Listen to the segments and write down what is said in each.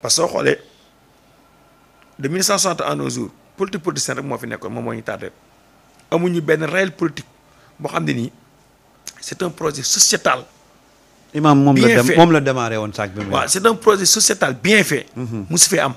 parce que soo xoolee de 1960 à nos jours politique politicien rek moo fi nekkoon moom moo ñu tardé amuñu benn réel politique boo xam ne nii c' est un projet sociétal. imaam moom la dem moom la démarré woon saak bi. waaw est un projet sociétal bien fait. su mhm. fee am.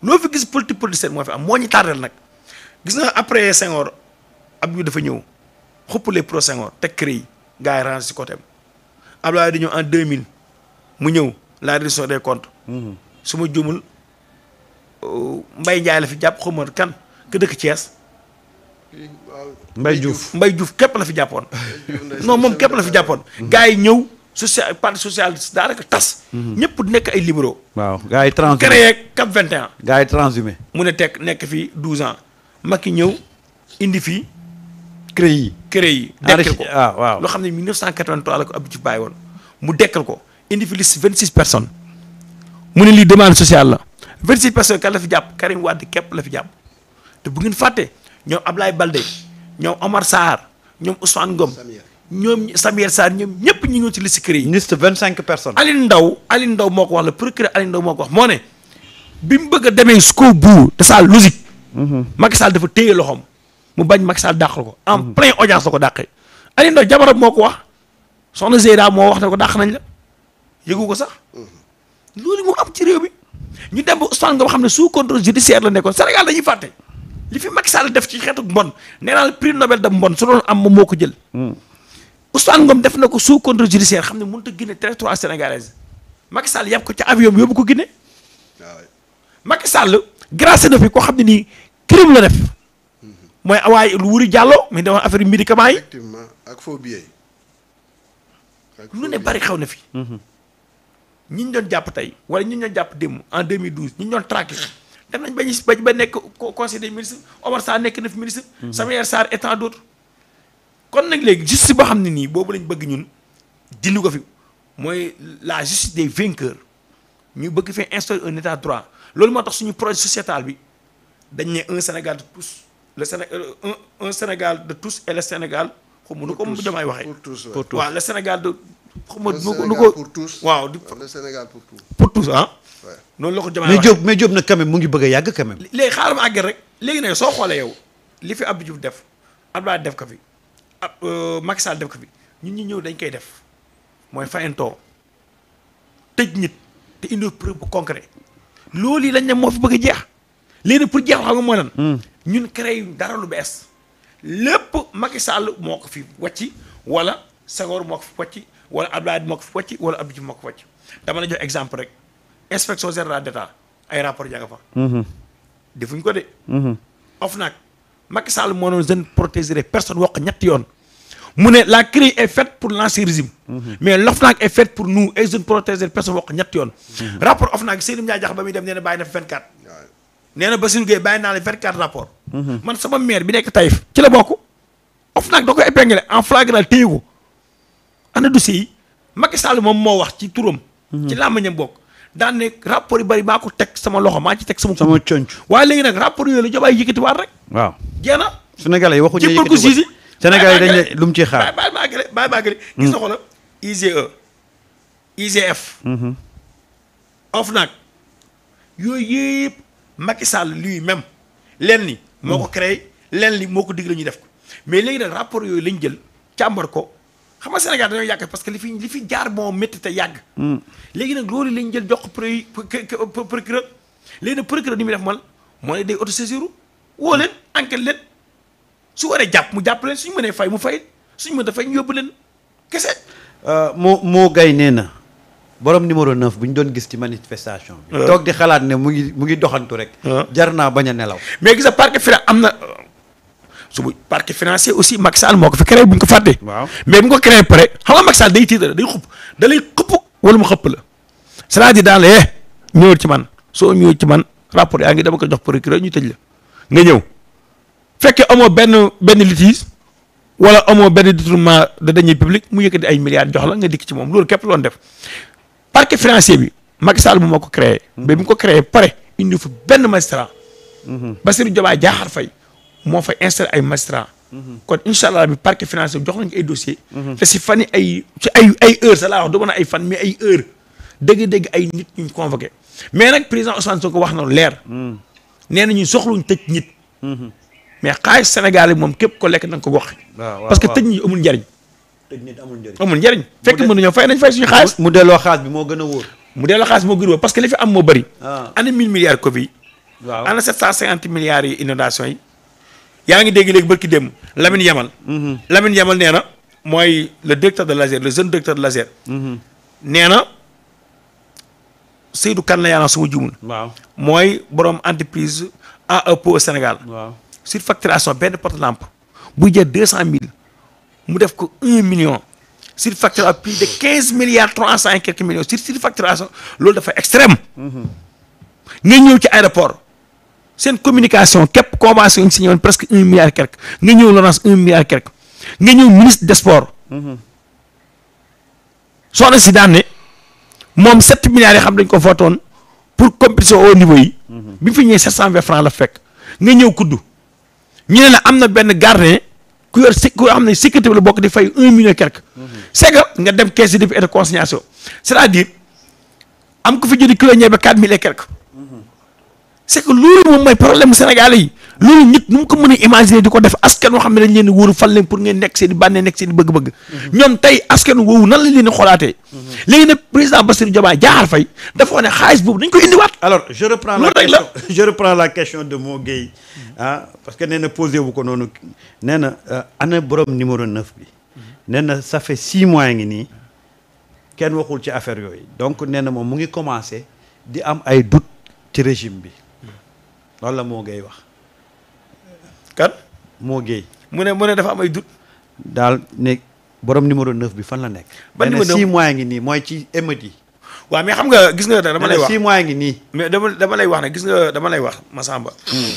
loo fi gis politique politicien moo fi am moo ñu tardé nag gis naa après Senghor Abdou dafa ñëw xuppalee pro Senghor teg kër yi gars yi rangé si côté am Abdoulaye di ñëw en 2000 mu ñëw. la reddition des comptes. su ma jumul Mbaye Ndiaye la fi jàpp xamoon kan ka dëkk Thiès. Mbaye Diouf Mbaye Diouf képp la fi jàppoon. non moom képp la fi jàppoon. gars yi ñëw social parti socialiste daanaka tas. Mhm. ñëpp nekk ay libéraux. waaw yi transhumé créé cap 21. gars yi transhumé. mu ne teg nekk fii 12 ans Macky ñëw indi fii. CREI yi CREI yi. dekkal ko ah, waaw loo xam ne 1983 la ko Abdou ci bàyyi woon mu dekkal ko. indi fi liste vingt six personnes mu ne lii demande sociale la vingt six personnes kan la fi jàpp Karim Wade képp la fi jàpp te bu ngeen fàtte ñoom Ablaye Balde ñoom Omar Sarr ñoom Ousmane Ngom ñoom Samir Sarr ñoom ñëpp ñu ngi ci si kër yi. liste vingt cinq personnes. Aline Ndaw Aline moo ko wax la procureur Aline Ndaw moo ko wax moo ne bi mu bëgg a demee jusqu'au bout de sa logique. Mhm. Macky Sall dafa téye loxoom mu bañ Macky Sall dàqal ko. en mhm. plein audience la ko dàqee. Aline Ndaw jabaram moo ko wax soxna Zeyda moo wax ne ko dàq nañ la. yëgu ko sax loolu mu am ci réew mi ñu dem ba Ousmane Ngom xam ne sous contrôle judiciaire la nekkoon Sénégal dañuy fàtte li fi Macky Sall def ci xeetu mbon nee naa la prix Nobel de mbon su doon am moo ko jël. Hmm. Ousmane Ngom def na ko sous contrôle judiciaire xam ne mënut a génne territoire sénégalaise Macky Sall yàpp ko ci avion bi yóbbu ko Guinée. waaw ah Macky Sall grâce na fi koo xam ne nii crime la def. mooy waaye lu wuri jàlloo mi demoon affaire médicament yi. ak faux billet lu ne bari xaw na fi. Hmm. ñi ñu doon jàpp tey wala ñi ñu doon jàpp dem en 2012 ñi ñu doon traqué dem nañ ba ñu ba ba nekk conseil des ministres Omar Sarr nekk na fi ministre. Mhm. Samuel Sarr et tant d'autres. kon nag léegi justice boo xam ne nii boobu lañ bëgg ñun dindi ko fi mooy la justice des vainqueurs ñu bëgg fee instaurer un état droit loolu moo tax suñu projet sociétal bi dañ ne un Sénégal de tous le Séné euh, un un Sénégal de tous et le Sénégal. ko mu damay waxee. pour tous waaw le Sénégal de. xawma nu ko pour waaw le Sénégal pour pour tous ah. noonu la ko jamaay mais Diop mais Diop na quand mu ngi bëgg a yàgg quand même léegi xaaral ma rek léegi nag soo xoolee yow li fi ab Diouf def Abdoulaye def ko fi ab euh, Macky Sall def ko fi ñu ñu ñëw dañ koy def mooy fayantoo tëj nit te indi preuve bu concret loolu yi lañ ne moo fi bëgg a jeex léegi pour jeex xam nga mooy hmm. ñun créé yu dara lu bees lépp Macky Sall moo ko fi wàcc wala Senghor moo ko fi wàcc wala Abdoulaye moo ko fi wàcc wala Abdou Diouf moo dama la jox exemple rek inspection générale d'état ay rapport yaa nga fa. Mhm. defuñ ko de. Mhm. OFNAC Macky Sall moo doon jeune protéger personne wax ñett yoon. mu ne la CREI est faite pour l'ancien régime. Mhm. mais l'OFNAC est faite pour nous et jeune protéger personne wax ñetti yoon. rapport OFNAC Seydou Ndiaye jax ba muy dem nee na bàyyi na fa 24. nee na Bassirou Gueye bàyyi naa la 24 rapport man sama maire bi nekk Taïf ci la bokk OFNAC da ko épinglé en ana du yi Macky Sall moom moo wax ci turam. ci làmmiñam bokk daan ne rapport yu bari maa ko teg sama loxo maa ci teg sama. sama conc waaye léegi nag rapport yooyu la Diomaye yëkkatiwaat rek. waaw jeex na. Sénégalais yi waxuñu yëkkati ko ci bëgg si. Sénégalais dañ ne mu ciy xaar bàyyi maa gële bàyyi maa gële nga xoolal IGE. IGF. OFNAC yooyu yëpp Sall lui-même lenn ni moo ko li moo ko digle ñu def ko mais léegi nag rapport yooyu lañ jël càmbar ko. xam nga Sénégal dañoo yàgg parce que li fi li fi jaar moo métti yàgg. Hmm. léegi nag loolu lañ jël jox pro procureur léegi nag procureur ni muy def man mooy day auto-saisiru woo leen enquête leen su waree jàpp mu jàpp leen suñu mënee fay mu fay suñu mënta fay ñu yóbbu leen kese. Euh, moo moo gay nee na borom numéro 9 bu ñu doon gis ci manifestation bi. Euh. toog di xalaat ne mu ngi mu ngi doxantu rek. Euh. jar naa bañ a nelaw. mais gis nga parc Fira am na. su bu parquet financier aussi Macky Sall moo ko fi créé bu ñu ko fàttee. waaw mais bu ñu ko créé pare xam nga xëpp la c'est-à-dire daal eh, ci man soo ñëwee ci man rapport yaa ngi dama ko jox procureur ñu tëj la nga ñëw fekkee amoo benn benn litige wala amoo benn détournement de deniers publics mu yëkkati ay milliards jox la nga dikk ci moom loolu képp loon def parquet financier bi Macky Sall bu moo ko créé. Hmm. mais ko créé pare indi fa benn magistrat. Hmm. Bassirou Diomaye Diakhar Faye moo fa installé ay magistrats. kon incha allah bi parquet financier jox nañu ay dossiers. te si fan yi ay ci ay ay heures laa wax du ay fan mais ay heures dëgg-dëgg ay nit ñu convoqué mais nag président Ousmane ko wax na leer. nee na ñu soxluñ tëj nit. mais xaalis Sénégal moom képp ko lekk na ko wax. parce que tëj ñi amul njariñ. tëj nit amul njariñ amul njariñ. fekk mën nañoo fay nañ fay suñu xaalis. mu delloo xaalis bi moo gën a wóor. mu delloo xaalis moo parce que li am moo bëri. Ah. ana 1000 milliards Covid. waaw ana yi. yaa ngi dégg léegi barki démb Lamine Yamal. Mm-hmm. Lamine Yamal nee na mooy le directeur de l'ASER le jeune directeur de l'ASER. Mm-hmm. nee na Seydou Kane la yaakaar su ma juumul. mooy borom entreprise AEP au Sénégal. waaw surfacturation benn porte lampe bu jël deux cent mille mu def ko un million. surfacture à plus de quinze milliards trois cent et quelques millions sur surfacturation loolu dafa extrême. Mm-hmm. nga ñëw ci aéroport. seen communication képp convention yi ñu signé woon presque un milliard quelque nga ñëw Lonase un milliard quelque nga ñëw ministre des soo mhm. soxna si daan moom sept milliards yi xam dañ ko footoon pour compétition au niveau yi. Mhm. bi mu fi ñëwee sept cent vingt franc la fekk nga ñëw kuddu ñu ne la am na benn gardien ku yor sé ku xam ne sécurité bi la bokk di fay un million quelque. Mhm. c'est que nga dem caisse de dépôt et de consignation c'est-à-dire am ku fi jënd kilo ñebe quatre mille et c'est que loolu moom mooy problème mu yi loolu nit nu mu ko mën a imaginer di ko def askan woo xam ne dañ leen di wóoru fal leen pour ngeen nekk seen i bànnee nekk seen bëgg-bëgg. Mhm. ñoom tey askan woowu nan lañ leen di xoolaatee. Mhm. léegi nag président Bassirou Diomaye Diakhar Faye dafa wax ne xaalis boobu dañ ko indiwaat. alors je reprends la question je reprends de Mo mhm. ah, parce que nee na posé wu ko noonu nee na euh, ana boroom numéro 9 bi. nee na ça fait 6 mois ngi nii kenn waxul ci affaire yooyu donc nee na moom mu ngi commencé di am ay doute ci régime bi. loolu la moo géey wax kan moo géey mu ne mu ne dafa am ay dut daal ne borom numéro 9 bi fan la nekk ba numéro 9 six mois ngi nii mooy ci émeute yi waa mais xam nga gis nga dama lay wax six mois ngi nii dama dama wax ne gis nga dama lay wax Massamba hmm.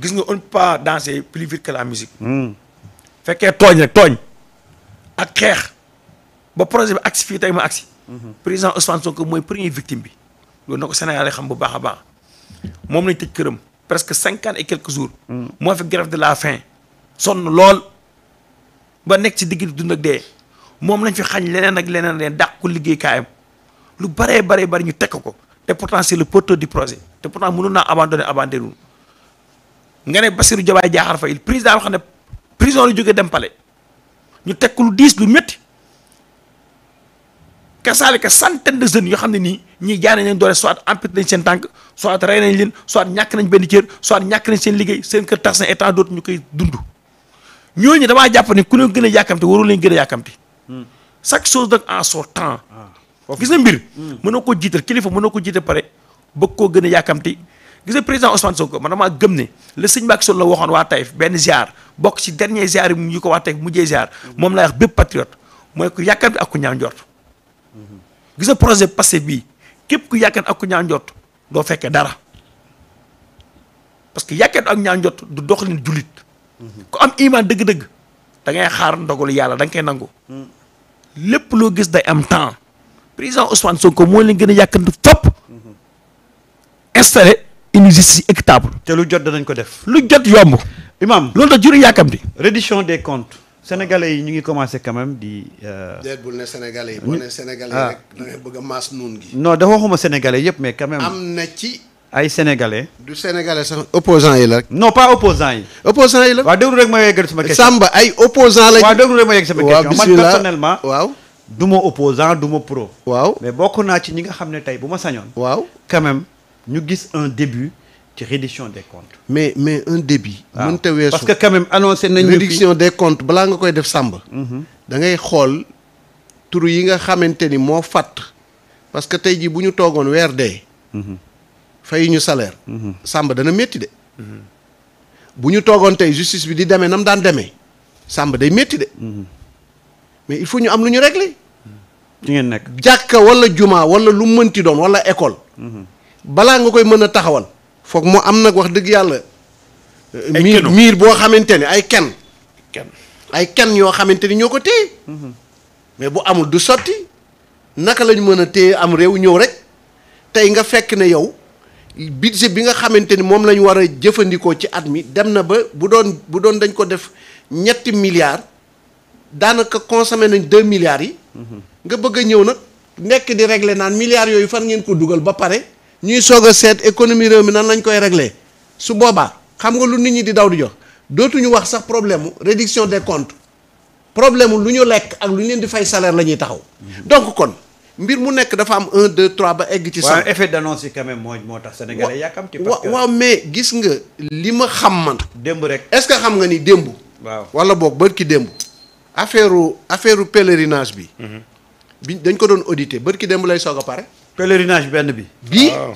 gis nga on pas danser plus vite que la musique hmm. fekkee tooñ rek tooñ ak xeex ba projet bi agsi fii tey ma agsi hmm. président Ousmane Sonko mooy premier victime bi loolu na ko Sénégal xam bu baax a baax moom lañ tëj këram presque cinquante et quelques jours. moo fi grève de la faim. sonn lool ba nekk ci digg dund ak dee moom lañ fi xañ leneen ak leneen leen dàq ko liggéeykaayam lu baree baree bari ñu teg ko te pourtant c'est le porteur du projet te pourtant mënoon naa abandonné abandonné wu. nga ne Bassirou Diomaye Diakhar Faye président boo xam ne prison lu jógee dem pale ñu teg ko lu diis lu métti. kasaalika centaine de jeunes yoo xam ne nii ñii jaay nañ leen doole soit amputé nañ seen tànk soit rey nañ leen soit ñàkk nañ benn cër soit ñàkk nañ seen liggéey seen kër tas na et tant ñu koy dund ñooñu damaa jàpp ne ku leen gën a yàkkamti waru leen gën a yàkkamti hmm. chaque chose nag en son temps ah, gis na mbir hmm. mënoo ko jiital kilifa mënoo ko jiital pare bëgg koo gën a yàkkamti gis nga président Ousmane Sonko man damaa gëm ne la sëñ Mbacké Sow la waxoon waa Taïf benn ziar bokk ci dernier ziar yi ñu ko waa Taïf hmm. moom laa wax bépp patriote mooy ku yàkkamti ak ku gis nga projet passé bii képp ku yàkkat ak ku ñaan jot doo fekkee dara parce que yàkkat ak ñaan jot du doxalin jullit ku am iman dëgg-dëgg da ngay xaar ndogalu yàlla da koy nangu lépp loo gis day am temps président Ousmane Sonko moo leen gën a yàkkantu fopp installé une justice équitable te lu jot danañ ko def lu jot yomb imam loolu da juri yàkkamti reddition des comptes sénégalais yi ñu ngi commencé quand di. Euh, déet bul ne sénégalais yi boo ne sénégalais ah. rek da ngay bëgg a maas nuun gi. non da waxuma sénégalais yëpp mais quand même. na ci. ay sénégalais. du sénégalais sax opposant yi la rek. non pas opposant yi. opposant yi la. waaw déglu rek ma yeggal sama ay opposant lañu. waaw déglu rek ma yegg sama question man personnellement. waaw du ma opposant du ma pro. waaw mais bokk naa ci ñi nga xam ne tey bu ma sañoon. waaw quand ñu gis un début. ci reddition des comptes. mais mais un débit. waaw mënta weesu parce que quand même annoncé nañ. des comptes balaa nga koy def sàmb. Mhm. da ngay xool turu yi nga xamante ni moo fàtt. parce que tey jii bu ñu toogoon weer dee. Mhm. fay ñu salaire. Mhm. sàmb dana métti de. bu ñu toogoon tey justice bi di demee nam daan demee. sàmb day métti de. mais il faut ñu am lu ñu régler. ci ngeen nekk jàkka wala juma wala lu mënti doon wala école. balaa nga koy mën a taxawal. foog mu am nag wax dëgg yàlla. miir miir boo xamante ne ay kenn. kenn ay kenn yoo xamante ni ñoo ko téye. Mhm. mais bu amul du sotti naka lañu mën a téye am réew ñëw rek tey nga fekk ne yow budget bi nga xamante ni moom lañ war a jëfandikoo ci at mi dem na ba bu doon bu doon dañ ko def ñetti milliards daanaka consommé nañ deux milliards yi. Mhm. nga bëgg a ñëw nag nekk di regle naan milliards yooyu fan ngeen ko dugal ba pare. ñuy soog a seet économie réew mi nan lañ koy régler su boobaa xam nga lu nit ñi di daw di jox dootuñu wax sax problème mu réduction des comptes problème mu lu ñu lekk ak lu ñu leen di fay salaire la ñuy taxaw mm-hmm. donc kon mbir mu nekk dafa am un deux trois ba egg ci sax effet d'annonce yi quand même moo moo tax sénégalais yàkkamti parce que waaw mais gis nga li ma xam man démb rek est-ce que xam nga ni démb waaw wala boog ki démb affaire affaire pèlerinage bi mm-hmm. bi dañ ko doon audité ki démb lay soog a pare pèlerinage benn bi. bii